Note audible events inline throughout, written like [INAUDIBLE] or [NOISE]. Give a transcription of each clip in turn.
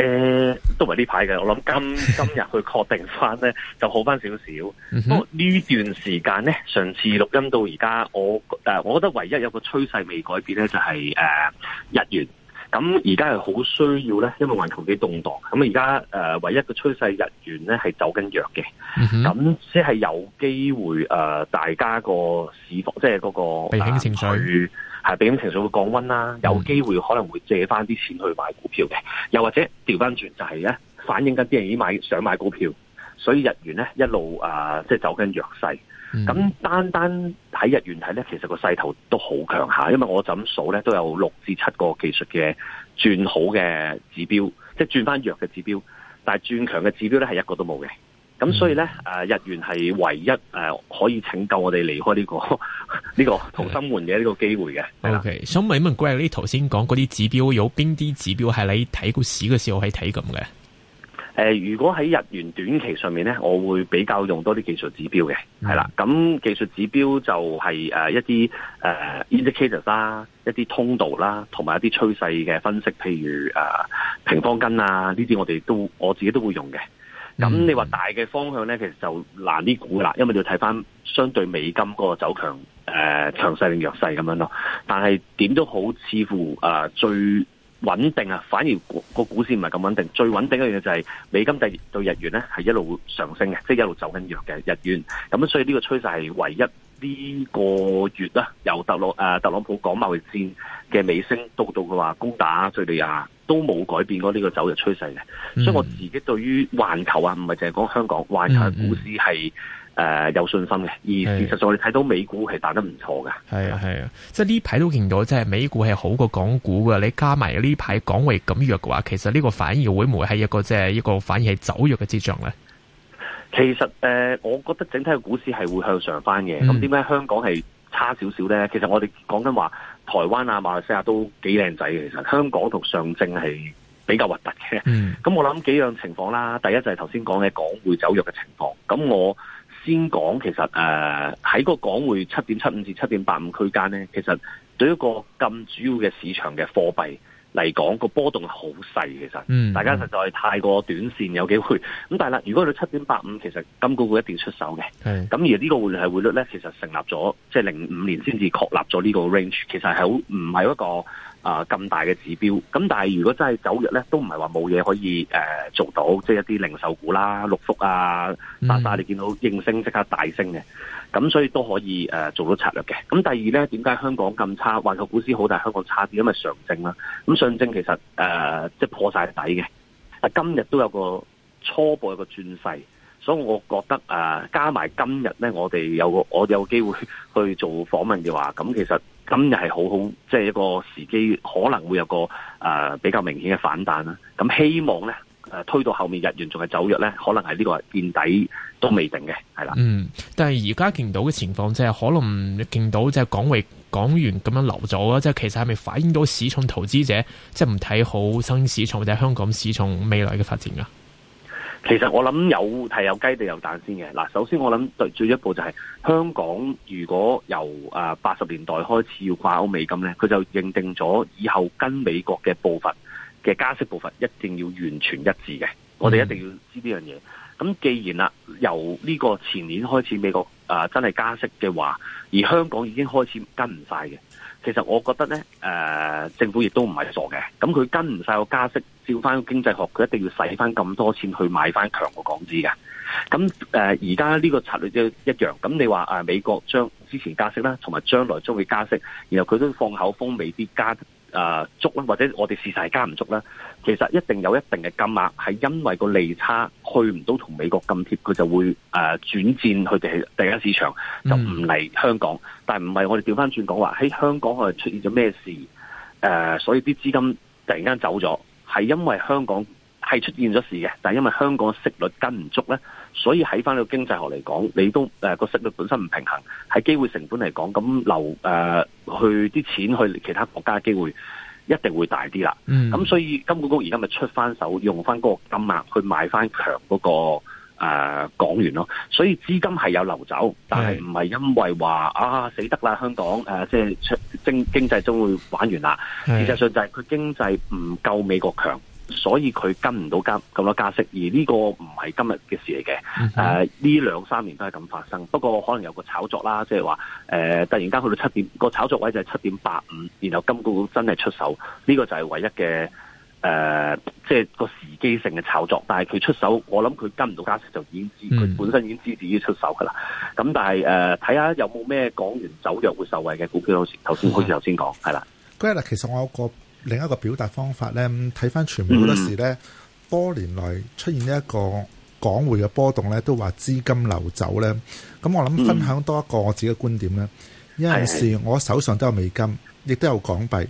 誒、呃，都係呢排嘅，我諗今今日去確定翻咧就好翻少少。不過呢段時間咧，上次錄音到而家，我誒、呃，我覺得唯一有個趨勢未改變咧，就係、是、誒、呃，日元。咁而家係好需要咧，因為環球幾動盪。咁而家誒，唯一嘅趨勢日元咧係走緊弱嘅。咁即係有機會誒，大家市、就是、個市況即係嗰個避險情緒係避險情緒會降溫啦。有機會可能會借翻啲錢去買股票嘅，嗯、又或者調翻轉就係咧反映緊啲人已經買想買股票，所以日元咧一路誒即係走緊弱勢。咁、嗯、單單喺日元睇咧，其實個勢頭都好強下，因為我就咁數咧，都有六至七個技術嘅轉好嘅指標，即係轉翻弱嘅指標，但係轉強嘅指標咧係一個都冇嘅。咁、嗯、所以咧，誒，日元係唯一誒可以拯救我哋離開呢、呢個呢、呢個逃生門嘅呢個機會嘅。O K，想問一問 Greg，你頭先講嗰啲指標，有邊啲指標係你睇股市嘅時候係睇咁嘅？誒、呃，如果喺日元短期上面咧，我會比較用多啲技術指標嘅，係啦、mm.。咁技術指標就係誒一啲誒 Indicators 啦，一啲、呃啊、通道啦、啊，同埋一啲趨勢嘅分析，譬如誒、呃、平方根啊呢啲，這些我哋都我自己都會用嘅。咁、mm. 你話大嘅方向咧，其實就難啲估啦，因為你要睇翻相對美金個走強誒強勢定弱勢咁樣咯。但係點都好，似乎誒、呃、最。穩定啊，反而個股市唔係咁穩定。最穩定一樣嘢，就係美金兌兌日元咧，係一路上升嘅，即係一路走緊弱嘅日元。咁所以呢個趨勢係唯一呢個月啦。由特朗誒特朗普講貿易戰嘅尾聲，到到佢話攻打敘利亞，都冇改變過呢個走嘅趨勢嘅。Mm hmm. 所以我自己對於環球啊，唔係淨係講香港，環球嘅股市係誒、呃，有信心嘅，而事實上我哋睇到美股係彈得唔錯嘅。係啊，係啊，即係呢排都見到，即係美股係好過港股嘅。你加埋呢排港匯咁弱嘅話，其實呢個反而會唔會係一個即係一個反而係走弱嘅跡象咧？其實誒、呃，我覺得整體嘅股市係會向上返嘅。咁點解香港係差少少咧？其實我哋講緊話台灣啊、馬來西亞都幾靚仔嘅。其實香港同上證係比較核突嘅。咁、嗯、我諗幾樣情況啦。第一就係頭先講嘅港匯走弱嘅情況。咁我先講其實誒喺、呃、個港匯七點七五至七點八五區間咧，其實對一個咁主要嘅市場嘅貨幣嚟講，個波動係好細其實。嗯，大家實在太過短線有機會。咁但係啦，如果到七點八五，其實金管局一定出手嘅。咁是而呢個係匯率咧，其實成立咗，即係零五年先至確立咗呢個 range，其實係好唔係一個。啊咁大嘅指標，咁但係如果真係走弱咧，都唔係話冇嘢可以誒、呃、做到，即係一啲零售股啦、六福啊、百佳，你見到應聲即刻大升嘅，咁所以都可以誒、呃、做到策略嘅。咁第二咧，點解香港咁差？環球股市好，但係香港差啲，因為上證啦，咁上證其實誒、呃、即係破晒底嘅。啊，今日都有個初步有個轉勢，所以我覺得誒、呃、加埋今日咧，我哋有個我有機會去做訪問嘅話，咁其實。咁又係好好，即、就、係、是、一個時機，可能會有個誒、呃、比較明顯嘅反彈啦。咁、啊、希望咧、啊，推到後面日元仲係走弱咧，可能係呢個見底都未定嘅，係啦。嗯，但係而家見到嘅情況即係、就是、可能見到即係港匯港元咁樣流走啊，即、就、係、是、其實係咪反映到市重投資者即係唔睇好新市況或者香港市況未來嘅發展啊？其實我諗有係有雞地有蛋先嘅嗱，首先我諗最一步就係、是、香港如果由誒八十年代開始要掛鈎美金呢，佢就認定咗以後跟美國嘅步伐嘅加息步伐一定要完全一致嘅。我哋一定要知呢樣嘢。咁、嗯、既然啦，由呢個前年開始美國誒、呃、真係加息嘅話，而香港已經開始跟唔晒嘅，其實我覺得呢誒、呃、政府亦都唔係傻嘅，咁佢跟唔晒個加息。調翻個經濟學，佢一定要使翻咁多錢去買翻強個港紙嘅。咁誒，而家呢個策略都一樣。咁你話誒，美國將之前加息啦，同埋將來將會加息，然後佢都放口風未必加誒足啦，或者我哋事實係加唔足啦。其實一定有一定嘅金額係因為個利差去唔到同美國咁貼，佢就會誒轉戰去第一市場，就唔嚟香港。但係唔係我哋調翻轉講話喺香港誒出現咗咩事誒、呃？所以啲資金突然間走咗。係因為香港係出現咗事嘅，但係因為香港嘅息率跟唔足咧，所以喺翻呢個經濟學嚟講，你都誒個、呃、息率本身唔平衡，喺機會成本嚟講，咁流誒去啲錢去其他國家嘅機會一定會大啲啦。咁、嗯、所以金管局而家咪出翻手，用翻嗰個金額去買翻強嗰個。誒講、呃、完咯，所以資金係有流走，但係唔係因為話啊死得啦香港、呃、即係經濟將會玩完啦。事實上就係佢經濟唔夠美國強，所以佢跟唔到加咁多加息，而呢個唔係今日嘅事嚟嘅。誒呢兩三年都係咁發生，不過可能有個炒作啦，即係話誒突然間去到七點個炒作位就係七點八五，然後金股真係出手，呢、這個就係唯一嘅。誒、呃，即係個時機性嘅炒作，但係佢出手，我諗佢跟唔到價錢，就已經知佢本身已經知自己出手噶啦。咁、嗯、但係誒，睇、呃、下有冇咩港元走弱會受惠嘅股票，頭先好似頭先講係啦。日其實我有個另一個表達方法咧，睇翻，全部好多事咧，嗯、多年來出現呢一個港匯嘅波動咧，都話資金流走咧。咁我諗分享多一個我自己嘅觀點咧，有陣時我手上都有美金，亦都有港幣。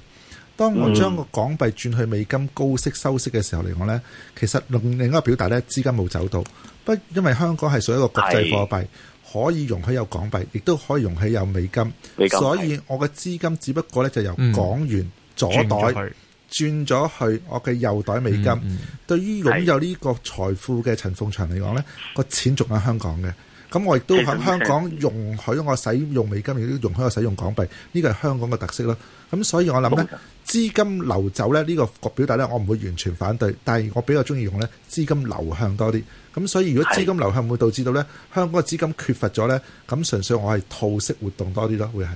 當我將個港幣轉去美金高息收息嘅時候嚟講呢，嗯、其實另一個表達呢，資金冇走到，不因為香港係屬於一個國際貨幣，是可以容許有港幣，亦都可以容許有美金，美金所以我嘅資金只不過呢，就由港元、嗯、左袋轉咗去，去我嘅右袋美金。嗯嗯、對於擁有呢個財富嘅陳鳳祥嚟講呢，個是錢仲喺香港嘅，咁我亦都喺香港容許我使用美金，亦都容許我使用港幣，呢個係香港嘅特色啦。咁所以我諗咧，資金流走咧呢個表達咧，我唔會完全反對，但係我比較中意用咧資金流向多啲。咁所以如果資金流向會導致到咧香港嘅資金缺乏咗咧，咁純粹我係套息活動多啲咯，會係。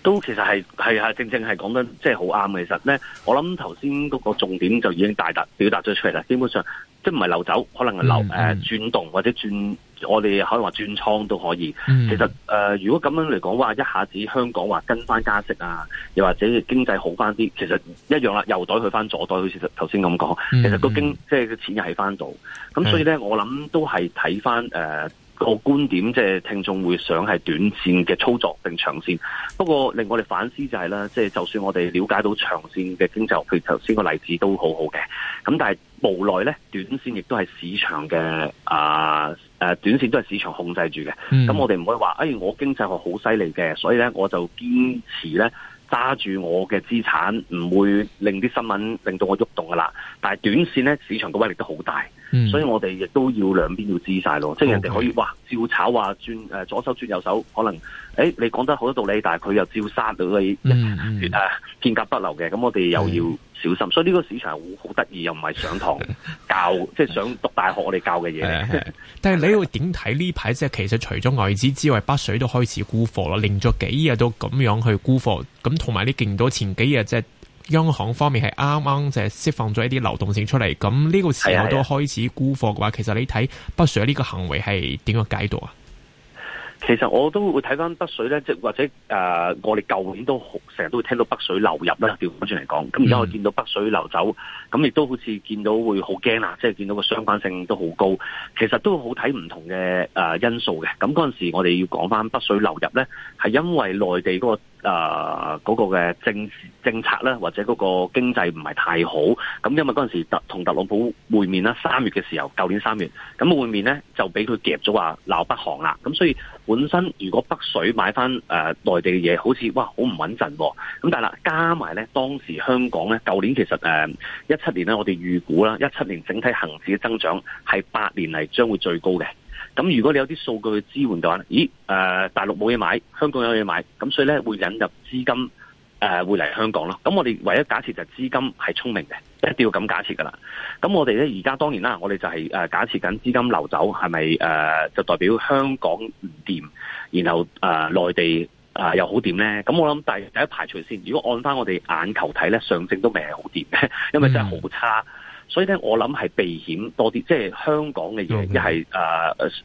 都其實係係係正正係講得即係好啱嘅，其實咧，我諗頭先嗰個重點就已經大達表達咗出嚟啦。基本上即係唔係流走，可能係流誒轉動或者轉。我哋可以話轉倉都可以，其實誒、呃，如果咁樣嚟講話，一下子香港話跟翻加息啊，又或者經濟好翻啲，其實一樣啦，右袋去翻左袋，好似頭先咁講，其實個經即係錢又喺翻到。咁所以咧，嗯、我諗都係睇翻誒。呃個觀點即係聽眾會想係短線嘅操作定長線，不過令我哋反思就係、是、啦。即、就、係、是、就算我哋了解到長線嘅經濟學，譬如頭先個例子都好好嘅。咁但係無奈咧，短線亦都係市場嘅啊誒、啊，短線都係市場控制住嘅。咁、嗯、我哋唔可以話，誒、哎、我經濟學好犀利嘅，所以咧我就堅持咧揸住我嘅資產，唔會令啲新聞令到我喐動噶啦。但係短線咧，市場嘅威力都好大。嗯、所以我哋亦都要兩邊要知晒咯，即係人哋可以 Okay. 哇照炒話轉誒、呃、左手轉右手，可能誒、欸、你講得好多道理，但係佢又照刪到你啊片甲不留嘅，咁我哋又要小心。嗯、所以呢個市場好得意，又唔係上堂 [LAUGHS] 教，即係想讀大學我哋教嘅嘢。 [LAUGHS] 但係你要點睇呢排？即係其實除咗外資之外，北水都開始沽貨咯，連咗幾日都咁樣去沽貨。咁同埋你勁到前幾日即係。央行方面係啱啱即係釋放咗一啲流動性出嚟，咁呢個時候都開始沽貨嘅話，其實你睇北水呢個行為係點樣解讀啊？其實我都會睇翻北水咧，即或者誒、呃，我哋舊年都成日都會聽到北水流入啦，調翻轉嚟講，咁而家我見到北水流走，咁亦都好似見到會好驚啊，即係見到個相關性都好高。其實都好睇唔同嘅誒因素嘅。咁嗰陣時我哋要講翻北水流入咧，係因為內地嗰個。誒，嗰、呃那個嘅政政策咧，或者嗰個經濟唔係太好，咁因為嗰陣時特同特朗普會面啦，三月嘅時候，舊年三月，咁會面咧就俾佢夾咗話鬧北韓啦，咁所以本身如果北水買翻誒內地嘅嘢，好似哇好唔穩陣，咁、哦、但係啦，加埋咧當時香港咧舊年其實誒一七年咧，我哋預估啦，一七年整體恒指嘅增長係八年嚟將會最高嘅。咁如果你有啲數據去支援嘅話，咦？呃、大陸冇嘢買，香港有嘢買，咁所以咧會引入資金、呃、會嚟香港咯。咁我哋唯一假設就資金係聰明嘅，一定要咁假設噶啦。咁我哋咧而家當然啦，我哋就係假設緊資金流走係咪、呃、就代表香港唔掂，然後誒內地誒、呃、又好掂咧？咁我諗第第一排除先，如果按翻我哋眼球睇咧，上證都未係好掂，因為真係好差。嗯。所以咧，我諗係避險多啲，即係香港嘅嘢，一係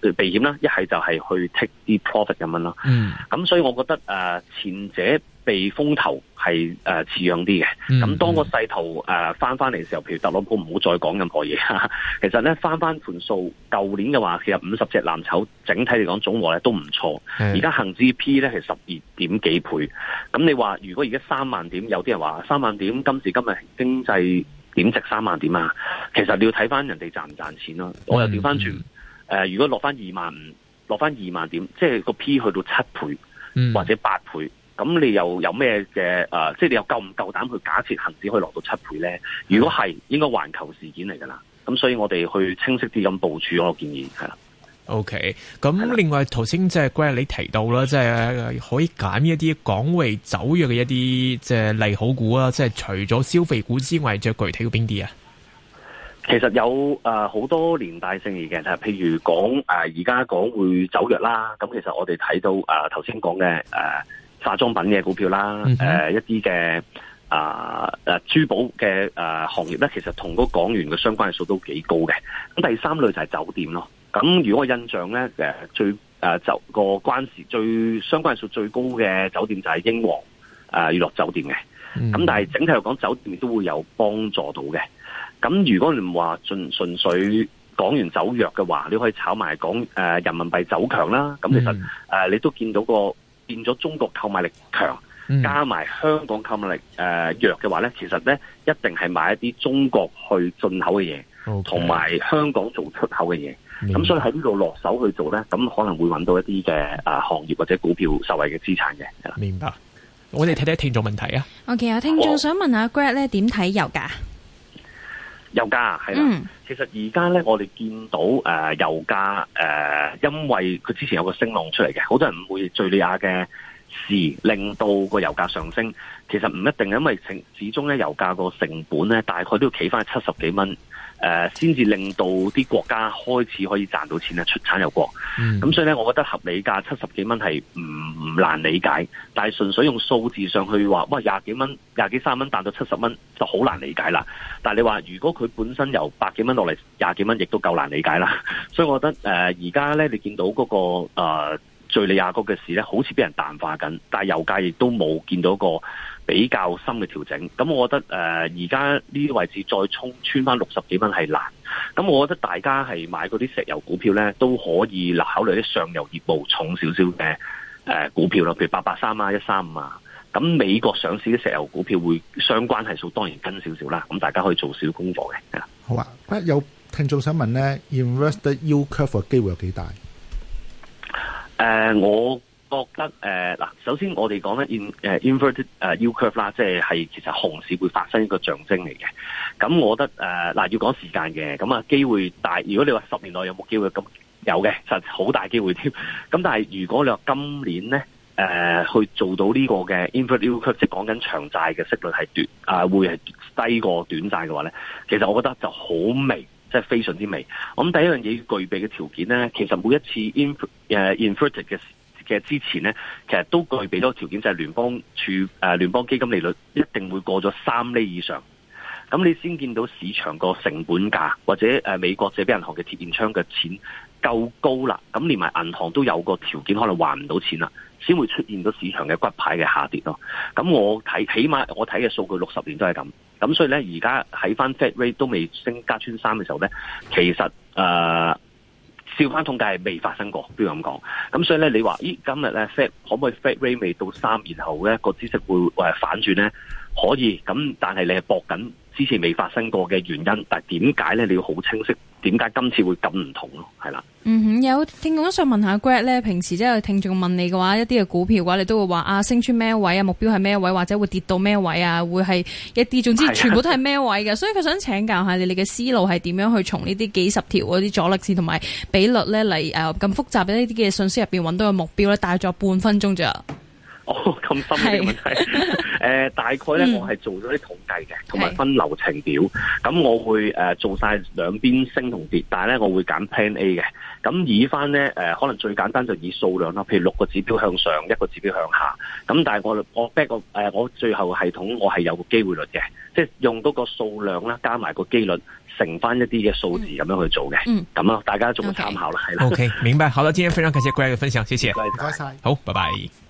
誒避險啦，一係就係去 take 啲 profit 咁樣咯。咁、嗯嗯、所以，我覺得誒、呃、前者避風頭係誒、呃、似樣啲嘅。咁、嗯嗯、當個勢頭誒翻翻嚟嘅時候，譬如特朗普唔好再講任何嘢。其實咧，翻翻盤數，舊年嘅話，其實五十隻藍籌整體嚟講總和咧都唔錯。而家恒指 PE 咧係十二點幾倍。咁你話如果而家三萬點，有啲人話三萬點今時今日經濟，點值三萬點啊？其實你要睇翻人哋賺唔賺錢咯、啊。嗯、我又調翻轉，誒、呃，如果落翻二萬，落翻二萬點，即係個 P 去到七倍、嗯、或者八倍，咁你又有咩嘅誒？即係你又夠唔夠膽去假設恒指可以落到七倍咧？如果係，嗯、應該環球事件嚟噶啦。咁所以我哋去清晰啲咁部署，我建議係啦。O K，咁另外頭先即係關於你提到啦，即係可以揀一啲港匯走弱嘅一啲即係利好股啊，即係除咗消費股之外，仲有具體去邊啲啊？其實有誒好多年代表性嘅，譬如講誒而家港匯走弱啦。咁其實我哋睇到誒頭先講嘅誒化妝品嘅股票啦，誒、mm hmm. 呃、一啲嘅誒誒珠寶嘅誒行業咧，其實同嗰個港元嘅相關係數都幾高嘅。咁第三類就係酒店咯。咁如果我印象咧，最誒、呃、就個關事最相關人數最高嘅酒店就係英皇誒、呃、娛樂酒店嘅。咁、嗯、但係整體嚟講，酒店都會有幫助到嘅。咁如果你唔話純粹講完走弱嘅話，你可以炒埋講誒人民幣走強啦。咁其實誒、嗯呃、你都見到個變咗中國購買力強，嗯、加埋香港購買力誒、呃、弱嘅話咧，其實咧一定係買一啲中國去進口嘅嘢，同埋 Okay. 香港做出口嘅嘢。咁所以喺呢度落手去做咧，咁可能會揾到一啲嘅誒行業或者股票受惠嘅資產嘅。明白，我哋睇睇聽眾問題 okay，眾問啊、哦嗯。我其實聽眾想問下 Grant 咧，點睇油價？油價係啦，其實而家咧我哋見到誒油價誒，因為佢之前有個升浪出嚟嘅，好多人誤會敘利亞嘅事令到個油價上升。其實唔一定，因為始終咧油價個成本咧大概都要企返七十幾蚊。誒，先至、呃、令到啲國家開始可以賺到錢咧，出產油國。咁、嗯、所以咧，我覺得合理價七十幾蚊係唔難理解，但係純粹用數字上去話，哇，廿幾蚊、廿幾三蚊彈到七十蚊就好難理解啦。但係你話如果佢本身由百幾蚊落嚟，廿幾蚊亦都夠難理解啦。所以我覺得，誒而家咧，你見到嗰、那個啊、呃、敘利亞國嘅事咧，好似俾人淡化緊，但係油價亦都冇見到個比較深嘅調整，咁我覺得誒，而家呢啲位置再衝穿翻六十幾蚊係難，咁我覺得大家係買嗰啲石油股票咧，都可以嗱考慮啲上游業務重少少嘅誒股票咯，譬如八八三啊、一三五啊，咁美國上市啲石油股票會相關係數當然跟少少啦，咁大家可以做少工作嘅。好啊，有聽眾想問呢 Inverse the Yield Curve 機會有幾大？誒、呃，我。我覺得誒、呃、首先我哋講咧，inverted 誒 U curve 啦，curve，即係係其實熊市會發生一個象徵嚟嘅。咁我覺得誒嗱、呃，要講時間嘅咁機會大。如果你話十年內有冇機會，咁有嘅，就好大機會添。咁但係如果你話今年呢誒、呃、去做到呢個嘅 inverted U curve，即係講緊長債嘅息率係短、呃、會係低過短債嘅話呢，其實我覺得就好微，即係非常之微。咁第一樣嘢要具備嘅條件呢，其實每一次 inverted 嘅。嘅之前咧，其實都具備咗條件，就係、是、聯邦儲誒聯邦基金利率一定會過咗三厘以上，咁你先見到市場個成本價或者誒美國借俾銀行嘅貼現窗嘅錢夠高啦，咁連埋銀行都有個條件，可能還唔到錢啦，先會出現到市場嘅骨牌嘅下跌咯。咁我睇，起碼我睇嘅數據六十年都係咁，咁所以咧而家喺翻 Fed rate 都未升加穿三嘅時候咧，其實誒。呃笑翻統計係未發生過，都要咁講。咁所以咧你話咦今日咧 Fed 可唔可以 Fed rate 未到三，然後咧、個知識會誒、呃、反轉咧？可以，咁但係你係搏緊。之前未發生過嘅原因，但係點解咧？你要好清晰點解今次會咁唔同咯？係啦，嗯哼，有聽眾都想問下 Grad 咧，平時即係聽眾問你嘅話，一啲嘅股票嘅話，你都會話啊，升出咩位啊，目標係咩位，或者會跌到咩位啊，會係一啲。總之全部都係咩位嘅，是啊、所以佢想請教下你，你嘅思路係點樣去從呢啲幾十條嗰啲阻力線同埋比率咧嚟誒咁複雜嘅呢啲嘅信息入邊揾到個目標咧？大約半分鐘咋？哦，咁深嘅問題。是的 [LAUGHS] 誒、呃，大概咧、嗯、我係做咗啲統計嘅，同埋分流程表。咁是我會誒、呃、做晒兩邊升同跌，但係咧我會揀 Plan A 嘅。咁以翻咧誒，可能最簡單就以數量啦，譬如六個指標向上，一個指標向下。咁但係我我 back 個誒，我最後系統我係有個機會率嘅，即係用到個數量啦，加埋個機率，乘翻一啲嘅數字咁樣去做嘅。咁、嗯、大家做個參考啦，係啦。OK，明白。好啦，今天非常感謝各位嘅分享，謝謝。唔該晒。好，拜拜。